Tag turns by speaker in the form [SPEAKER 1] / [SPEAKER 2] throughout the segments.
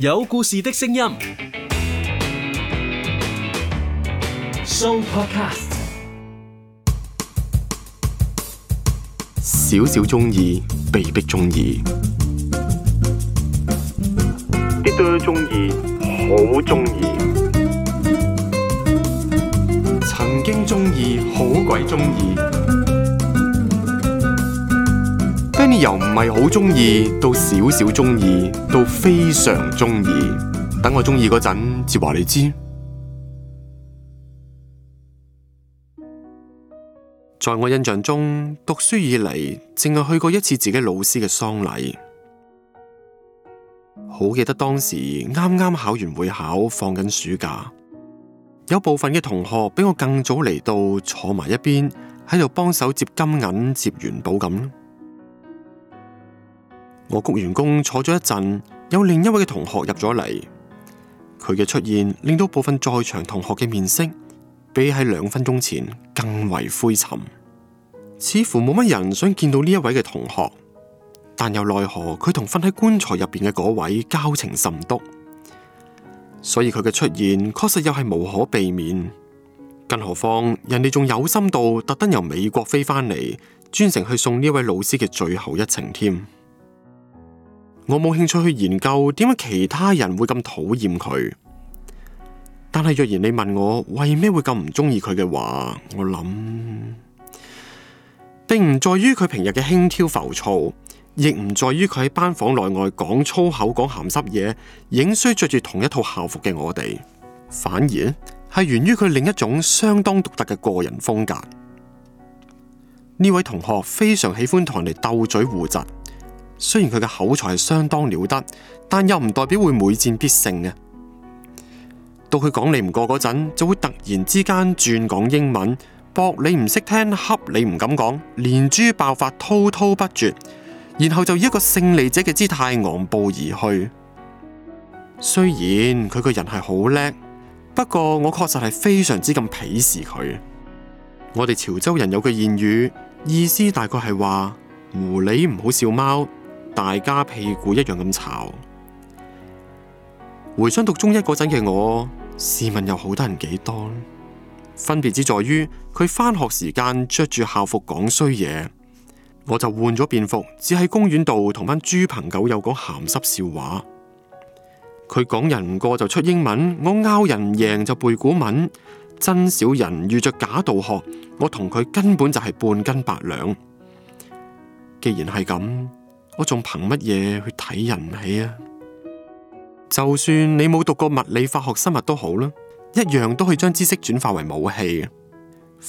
[SPEAKER 1] 有故事的聲音，Show Podcast，少少中意，被迫中意，啲多中意，好中意，曾經中意，好鬼中意。由唔係好中意到少少中意到非常中意，等我中意嗰陣，就話你知。在我印象中，讀書以嚟，淨係去過一次自己老師嘅喪禮。好記得當時啱啱考完會考，放緊暑假，有部分嘅同學比我更早嚟到，坐埋一邊喺度幫手接金銀、接元寶咁。我谷員工坐咗一陣，有另一位嘅同學入咗嚟。佢嘅出現令到部分在場同學嘅面色比喺兩分鐘前更為灰沉，似乎冇乜人想見到呢一位嘅同學。但又奈何佢同瞓喺棺材入邊嘅嗰位交情甚篤，所以佢嘅出現確實又係無可避免。更何況人哋仲有心到特登由美國飛翻嚟，專程去送呢位老師嘅最後一程，添。我冇興趣去研究點解其他人會咁討厭佢，但係若然你問我為咩會咁唔中意佢嘅話，我諗並唔在於佢平日嘅輕佻浮躁，亦唔在於佢喺班房內外講粗口、講咸濕嘢、影衰着住同一套校服嘅我哋，反而係源於佢另一種相當獨特嘅個人風格。呢位同學非常喜歡同人哋鬥嘴互窒。雖然佢嘅口才係相當了得，但又唔代表會每戰必勝嘅。到佢講你唔過嗰陣，就會突然之間轉講英文，博你唔識聽，恰你唔敢講，連珠爆發，滔滔不絕，然後就以一個勝利者嘅姿態昂步而去。雖然佢個人係好叻，不過我確實係非常之咁鄙視佢。我哋潮州人有句諺語，意思大概係話：狐狸唔好笑貓。大家屁股一樣咁巢，回想讀中一嗰陣嘅我，試問又好得人幾多？分別之在於佢返學時間着住校服講衰嘢，我就換咗便服，只喺公園度同班豬朋狗友講鹹濕笑話。佢講人唔過就出英文，我拗人唔贏就背古文，真小人遇着假道學，我同佢根本就係半斤八兩。既然係咁。我仲憑乜嘢去睇人起啊？就算你冇讀過物理、化學、生物都好啦，一樣都可以將知識轉化為武器。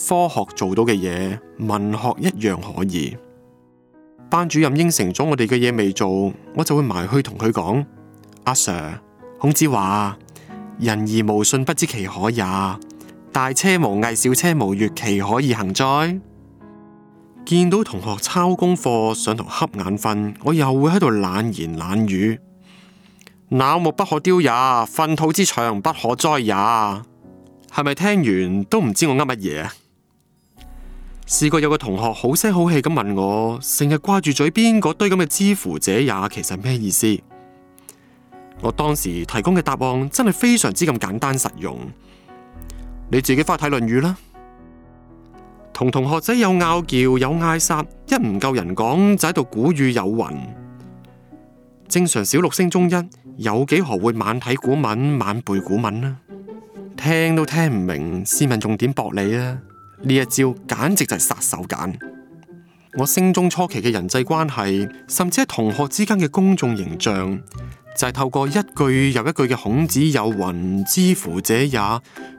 [SPEAKER 1] 科學做到嘅嘢，文學一樣可以。班主任應承咗我哋嘅嘢未做，我就會埋去同佢講。阿 Sir，孔子話：人而無信，不知其可也。大車無藝，小車無月，其可以行哉？見到同學抄功課上堂瞌眼瞓，我又會喺度懶言懶語。朽木不可雕也，糞土之牆不可哉也。係咪聽完都唔知我噏乜嘢？試過有個同學好聲好氣咁問我，成日掛住嘴邊嗰堆咁嘅之乎者也，其實咩意思？我當時提供嘅答案真係非常之咁簡單實用。你自己翻去睇《論語》啦。同同學仔有拗撬，有嗌殺，一唔夠人講就喺度古語有云：正常小六升中一，有幾何會晚睇古文、晚背古文呢？聽都聽唔明，試問重點駁你啊？呢一招簡直就係殺手鐧。我升中初期嘅人際關係，甚至喺同學之間嘅公眾形象，就係透過一句又一句嘅孔子有云，知乎者也，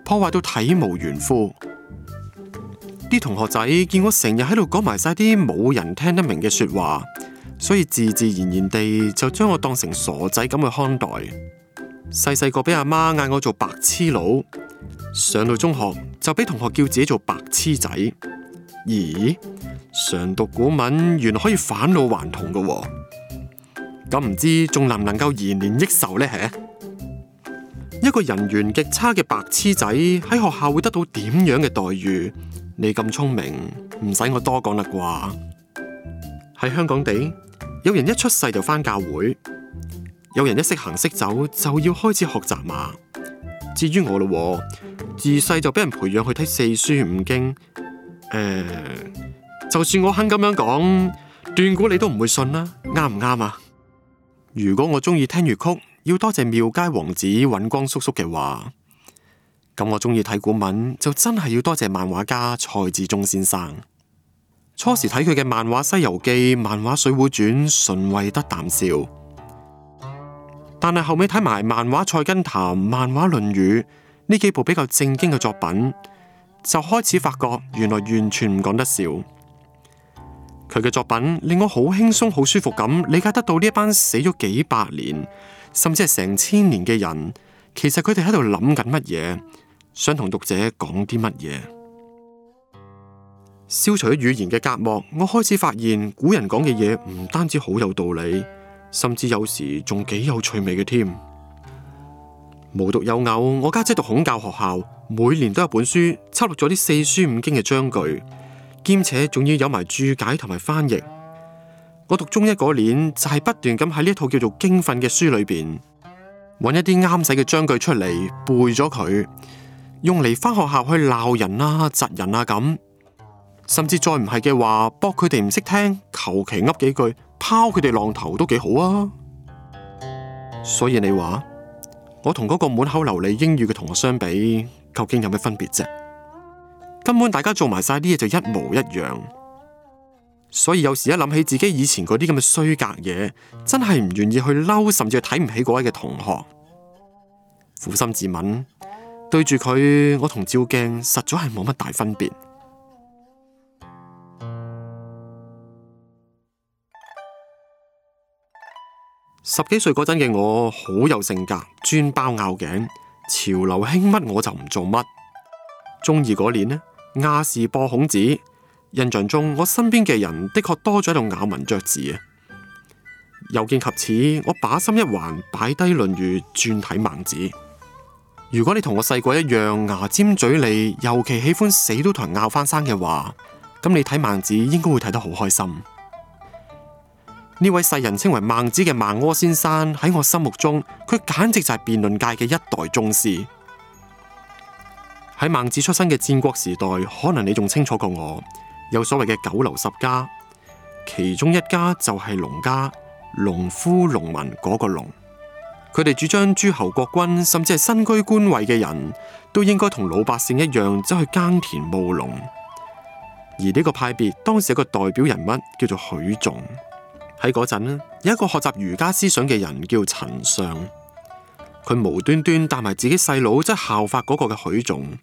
[SPEAKER 1] 破壞到體無完膚。啲同學仔見我成日喺度講埋晒啲冇人聽得明嘅說話，所以自自然然地就將我當成傻仔咁去看待。細細個俾阿媽嗌我做白痴佬，上到中學就俾同學叫自己做白痴仔。咦，常讀古文原來可以返老還童㗎，咁唔知仲能唔能夠延年益壽呢？吓，一個人緣極差嘅白痴仔喺學校會得到點樣嘅待遇？你咁聰明，唔使我多講啦啩。喺香港地，有人一出世就返教會，有人一識行識走就要開始學習嘛。至於我咯，自細就俾人培養去睇四書五經。誒、呃，就算我肯咁樣講，斷估你都唔會信啦、啊。啱唔啱啊？如果我中意聽粵曲，要多謝廟街王子尹光叔叔嘅話。咁我中意睇古文，就真係要多謝漫畫家蔡志忠先生。初時睇佢嘅漫畫《西遊記》漫畫漫畫、漫畫《水滸傳》，純為得啖笑。但係後尾睇埋漫畫《菜根譚》、漫畫《論語》呢幾部比較正經嘅作品，就開始發覺原來完全唔講得笑。佢嘅作品令我好輕鬆、好舒服咁理解得到呢一班死咗幾百年，甚至係成千年嘅人，其實佢哋喺度諗緊乜嘢？想同讀者講啲乜嘢？消除語言嘅隔膜，我開始發現古人講嘅嘢，唔單止好有道理，甚至有時仲幾有趣味嘅添。無獨有偶，我家姐讀孔教學校，每年都有本書輯錄咗啲四書五經嘅章句，兼且仲要有埋注解同埋翻譯。我讀中一嗰年就係不斷咁喺呢套叫做經訓嘅書裏邊，揾一啲啱使嘅章句出嚟背咗佢。用嚟翻學校去鬧人啊、窒人啊咁，甚至再唔係嘅話，搏佢哋唔識聽，求其噏幾句，拋佢哋浪頭都幾好啊。所以你話，我同嗰個滿口流利英語嘅同學相比，究竟有咩分別啫？根本大家做埋晒啲嘢就一模一樣。所以有時一諗起自己以前嗰啲咁嘅衰格嘢，真係唔願意去嬲，甚至去睇唔起嗰位嘅同學，苦心自問。對住佢，我同照鏡實在係冇乜大分別。 十幾歲嗰陣嘅我，好有性格，專包拗頸，潮流興乜我就唔做乜。中二嗰年呢，亞視播孔子，印象中我身邊嘅人的確多咗喺度咬文嚼字啊。有見及此，我把心一橫，擺低《論語》，轉睇孟子。如果你同我細個一樣牙尖嘴利，尤其喜歡死都同人拗翻生嘅話，咁你睇孟子應該會睇得好開心。呢位世人稱為孟子嘅孟軻先生喺我心目中，佢簡直就係辯論界嘅一代宗師。喺孟子出生嘅戰國時代，可能你仲清楚過我，有所謂嘅九流十家，其中一家就係農家，農夫農民嗰個農。佢哋主張諸侯國君甚至係身居官位嘅人都應該同老百姓一樣走去耕田務農，而呢個派別當時有個代表人物叫做許仲喺嗰陣啦。有一個學習儒家思想嘅人叫陳相。佢無端端帶埋自己細佬即係效法嗰個嘅許仲，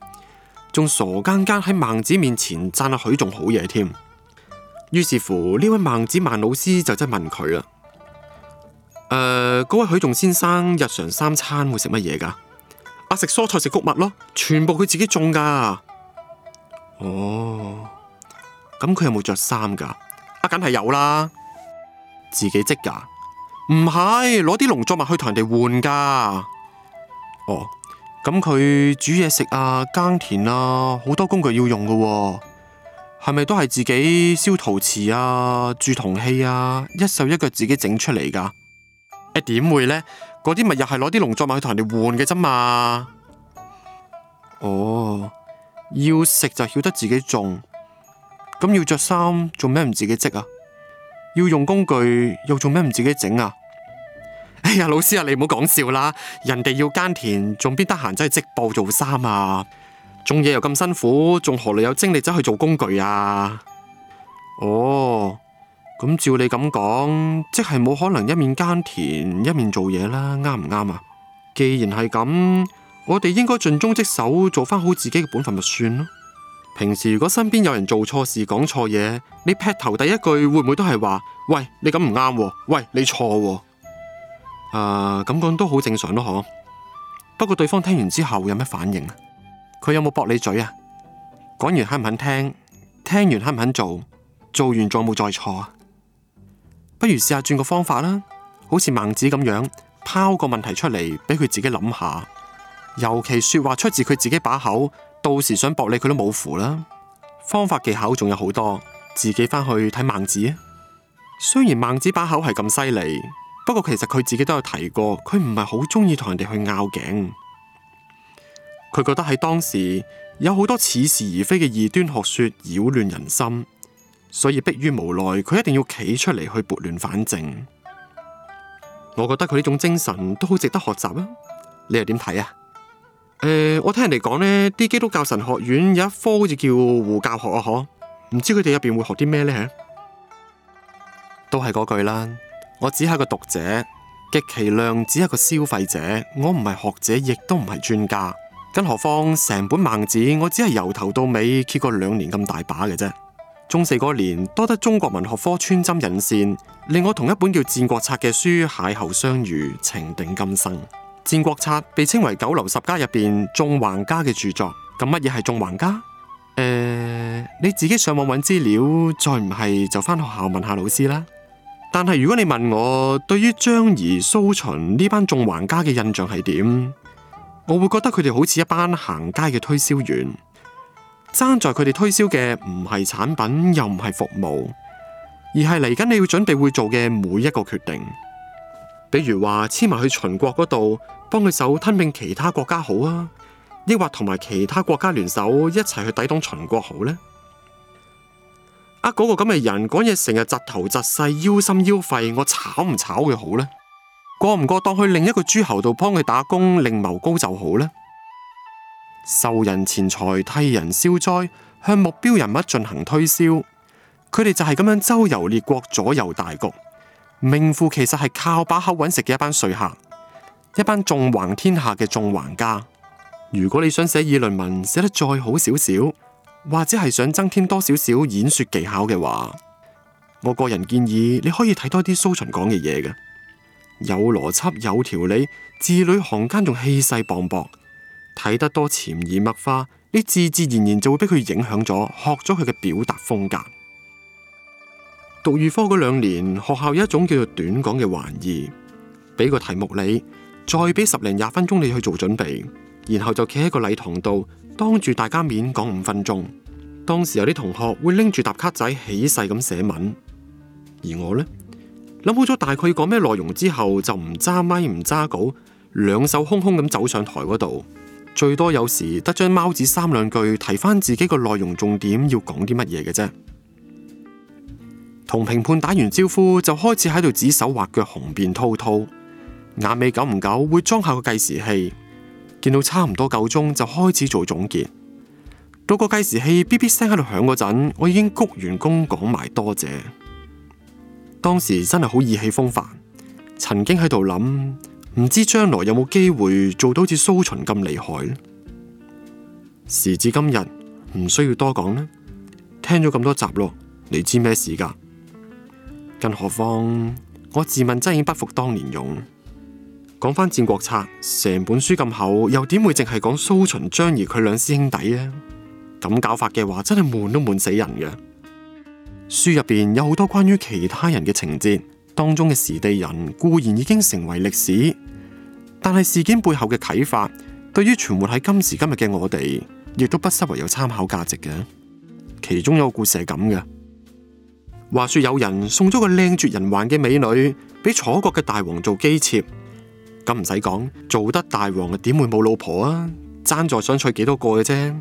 [SPEAKER 1] 仲傻更更喺孟子面前贊阿許仲好嘢添。於是乎呢位孟子孟老師就真係問佢啦。誒，嗰、呃、位許仲先生日常三餐會食乜嘢噶？啊，食蔬菜食穀物咯，全部佢自己種噶。哦，咁佢有冇着衫噶？啊，梗係有啦，自己織噶。唔係，攞啲農作物去同人哋換噶。哦，咁佢煮嘢食啊，耕田啊，好多工具要用噶，係咪都係自己燒陶瓷啊，鑄銅器啊，一手一腳自己整出嚟噶？點會呢？嗰啲咪又係攞啲農作物去同人哋換嘅啫嘛？哦，要食就曉得自己種，咁要着衫做咩唔自己織啊？要用工具又做咩唔自己整啊？哎呀，老師啊，你唔好講笑啦！人哋要耕田，仲邊得閒真係織布做衫啊？種嘢又咁辛苦，仲何來有精力走去做工具啊？哦。咁照你咁講，即係冇可能一面耕田一面做嘢啦，啱唔啱啊？既然係咁，我哋應該盡忠職守，做翻好自己嘅本分咪算咯。平時如果身邊有人做錯事、講錯嘢，你劈頭第一句會唔會都係話，喂，你咁唔啱，喂，你錯啊。誒、啊，咁講都好正常咯，嗬。不過對方聽完之後有咩反應啊？佢有冇駁你嘴啊？講完肯唔肯聽？聽完肯唔肯做？做完再冇再錯啊？不如試下轉個方法啦，好似孟子咁樣拋個問題出嚟，俾佢自己諗下。尤其說話出自佢自己把口，到時想駁你佢都冇符啦。方法技巧仲有好多，自己返去睇孟子。雖然孟子把口係咁犀利，不過其實佢自己都有提過，佢唔係好中意同人哋去拗頸。佢覺得喺當時有好多似是而非嘅異端學說擾亂人心。所以迫於無奈，佢一定要企出嚟，去撥亂反正。我覺得佢呢種精神都好值得學習啊！你又點睇啊？誒，我聽人哋講，呢啲基督教神學院有一科好似叫護教學啊，嗬？唔知佢哋入邊會學啲咩呢？都係嗰句啦。我只係個讀者，極其量只係個消費者，我唔係學者，亦都唔係專家。更何況成本孟子，我只係由頭到尾揭過兩年咁大把嘅啫。中四嗰年多得中國文學科穿針引線，令我同一本叫《戰國策》嘅書邂逅相遇，情定今生。《戰國策》被稱為九流十家入邊縱橫家嘅著作。咁乜嘢係縱橫家？誒、呃，你自己上網揾資料，再唔係就翻學校問下老師啦。但係如果你問我對於張儀、蘇秦呢班縱橫家嘅印象係點，我會覺得佢哋好似一班行街嘅推銷員。爭在佢哋推銷嘅唔係產品，又唔係服務，而係嚟緊你要準備會做嘅每一個決定。比如話，黐埋去秦國嗰度幫佢手吞併其他國家好啊，抑或同埋其他國家聯手一齊去抵擋秦國好呢？啊，嗰、那個咁嘅人講嘢成日窒頭窒勢，腰心腰肺，我炒唔炒佢好呢？過唔過當去另一個諸侯度幫佢打工，另謀高就好呢？受人錢財替人消災，向目標人物進行推銷，佢哋就係咁樣周遊列國，左右大局，名副其實係靠把口搵食嘅一班說客，一班縱橫天下嘅縱橫家。如果你想寫議論文寫得再好少少，或者係想增添多少少演說技巧嘅話，我個人建議你可以睇多啲蘇秦講嘅嘢嘅，有邏輯有條理，字裏行間仲氣勢磅礴。睇得多潛移默化，你自自然然就會俾佢影響咗，學咗佢嘅表達風格。讀預科嗰兩年，學校有一種叫做短講嘅玩意，俾個題目你，再俾十零廿分鐘你去做準備，然後就企喺個禮堂度，當住大家面講五分鐘。當時有啲同學會拎住沓卡仔，起勢咁寫文，而我呢，諗好咗大概要講咩內容之後，就唔揸咪唔揸稿，兩手空空咁走上台嗰度。最多有時得將貓紙三兩句提翻自己個內容重點要講啲乜嘢嘅啫，同評判打完招呼就開始喺度指手畫腳，紅遍滔滔。眼尾久唔久會裝下個計時器，見到差唔多夠鐘就開始做總結。到個計時器嗶嗶聲喺度響嗰陣，我已經鞠完躬講埋多謝。當時真係好意氣風發，曾經喺度諗。唔知將來有冇機會做到好似蘇秦咁厲害咧？時至今日，唔需要多講啦。聽咗咁多集咯，你知咩事噶？更何況我自問真係已經不復當年勇。講翻戰國策，成本書咁厚，又點會淨係講蘇秦、張儀佢兩師兄弟呢？咁搞法嘅話，真係悶都悶死人嘅。書入邊有好多關於其他人嘅情節。當中嘅時地人固然已經成為歷史，但係事件背後嘅啟發，對於存活喺今時今日嘅我哋，亦都不失為有參考價值嘅。其中有個故事係咁嘅，話說有人送咗個靚絕人寰嘅美女俾楚國嘅大王做姬妾，咁唔使講，做得大王點會冇老婆啊？爭在想娶幾多個嘅啫。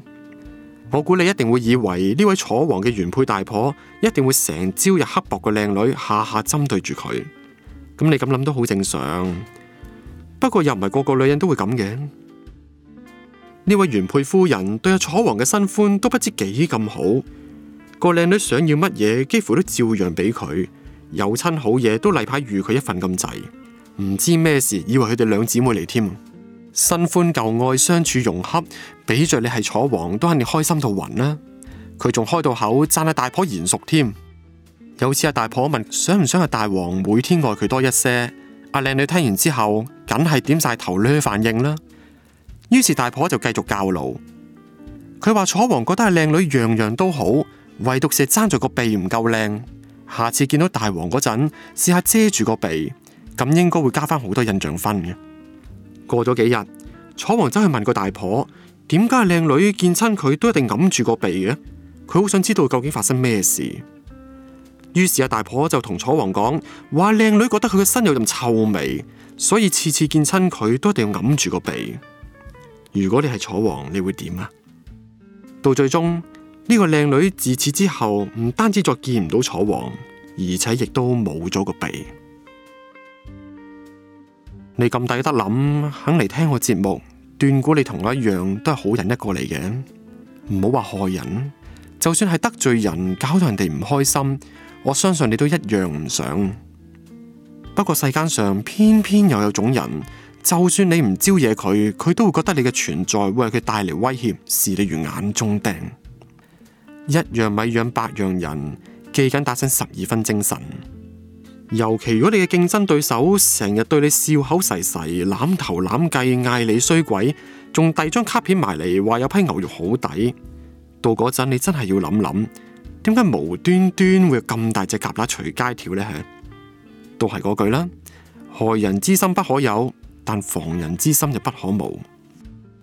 [SPEAKER 1] 我估你一定會以為呢位楚王嘅原配大婆一定會成朝日刻薄個靚女，下下針對住佢，咁你咁諗都好正常。不過又唔係個個女人都會咁嘅。呢位原配夫人對阿楚王嘅新歡都不知幾咁好，個靚女想要乜嘢幾乎都照樣俾佢，有親好嘢都例牌預佢一份咁滯，唔知咩事以為佢哋兩姊妹嚟添。新歡舊愛相處融洽，比着你係楚王都肯定開心到暈啦！佢仲開到口讚阿大婆賢淑添。有次阿大婆問，想唔想阿大王每天愛佢多一些？阿靚女聽完之後梗係點晒頭咧反應啦。於是大婆就繼續教路。佢話楚王覺得阿靚女樣樣都好，唯獨是爭在個鼻唔夠靚。下次見到大王嗰陣，試下遮住個鼻，咁應該會加翻好多印象分嘅。過咗幾日，楚王走去問個大婆，點解係靚女見親佢都一定揞住個鼻嘅？佢好想知道究竟發生咩事。於是阿大婆就同楚王講，話靚女覺得佢嘅身有陣臭味，所以次次見親佢都一定要揞住個鼻。如果你係楚王，你會點啊？到最終呢個靚女自此之後唔單止再見唔到楚王，而且亦都冇咗個鼻。你咁抵得諗，肯嚟聽我節目，斷估你同我一樣都係好人一個嚟嘅，唔好話害人。就算係得罪人，搞到人哋唔開心，我相信你都一樣唔想。不過世間上偏偏又有種人，就算你唔招惹佢，佢都會覺得你嘅存在會為佢帶嚟威脅，視你如眼中釘。一樣米養百樣人，記緊打醒十二分精神。尤其如果你嘅競爭對手成日對你笑口噬噬、攬頭攬計、嗌你衰鬼，仲遞張卡片埋嚟話有批牛肉好抵，到嗰陣你真係要諗諗，點解無端端會有咁大隻蛤乸隨街跳呢？都係嗰句啦，害人之心不可有，但防人之心就不可無。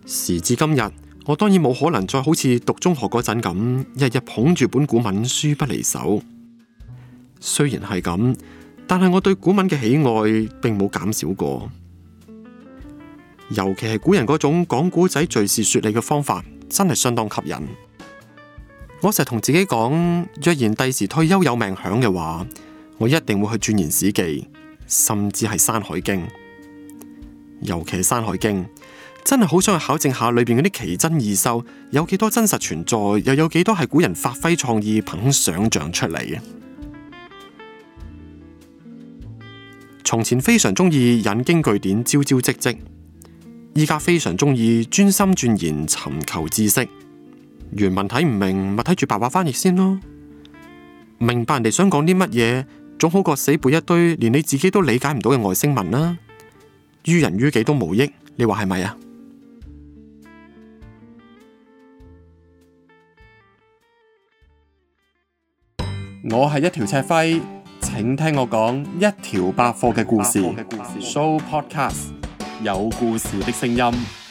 [SPEAKER 1] 時至今日，我當然冇可能再好似讀中學嗰陣咁，日日捧住本古文書不離手。雖然係咁。但係我對古文嘅喜愛並冇減少過，尤其係古人嗰種講古仔敘事說理嘅方法，真係相當吸引。我成日同自己講，若然第時退休有命享嘅話，我一定會去鑽研史記，甚至係山海經。尤其係山海經，真係好想去考證下裏邊嗰啲奇珍異獸有幾多真實存在，又有幾多係古人發揮創意憑想象出嚟嘅。從前非常鍾意引經據典，朝朝夕夕；依家非常鍾意專心鑽研，尋求知識。原文睇唔明，咪睇住白話翻譯先咯。明白人哋想講啲乜嘢，總好過死背一堆連你自己都理解唔到嘅外星文啦、啊。於人於己都無益，你話係咪啊？我係一條赤輝。請聽我講一條百貨嘅故事，的故事，Show Podcast 有故事的聲音。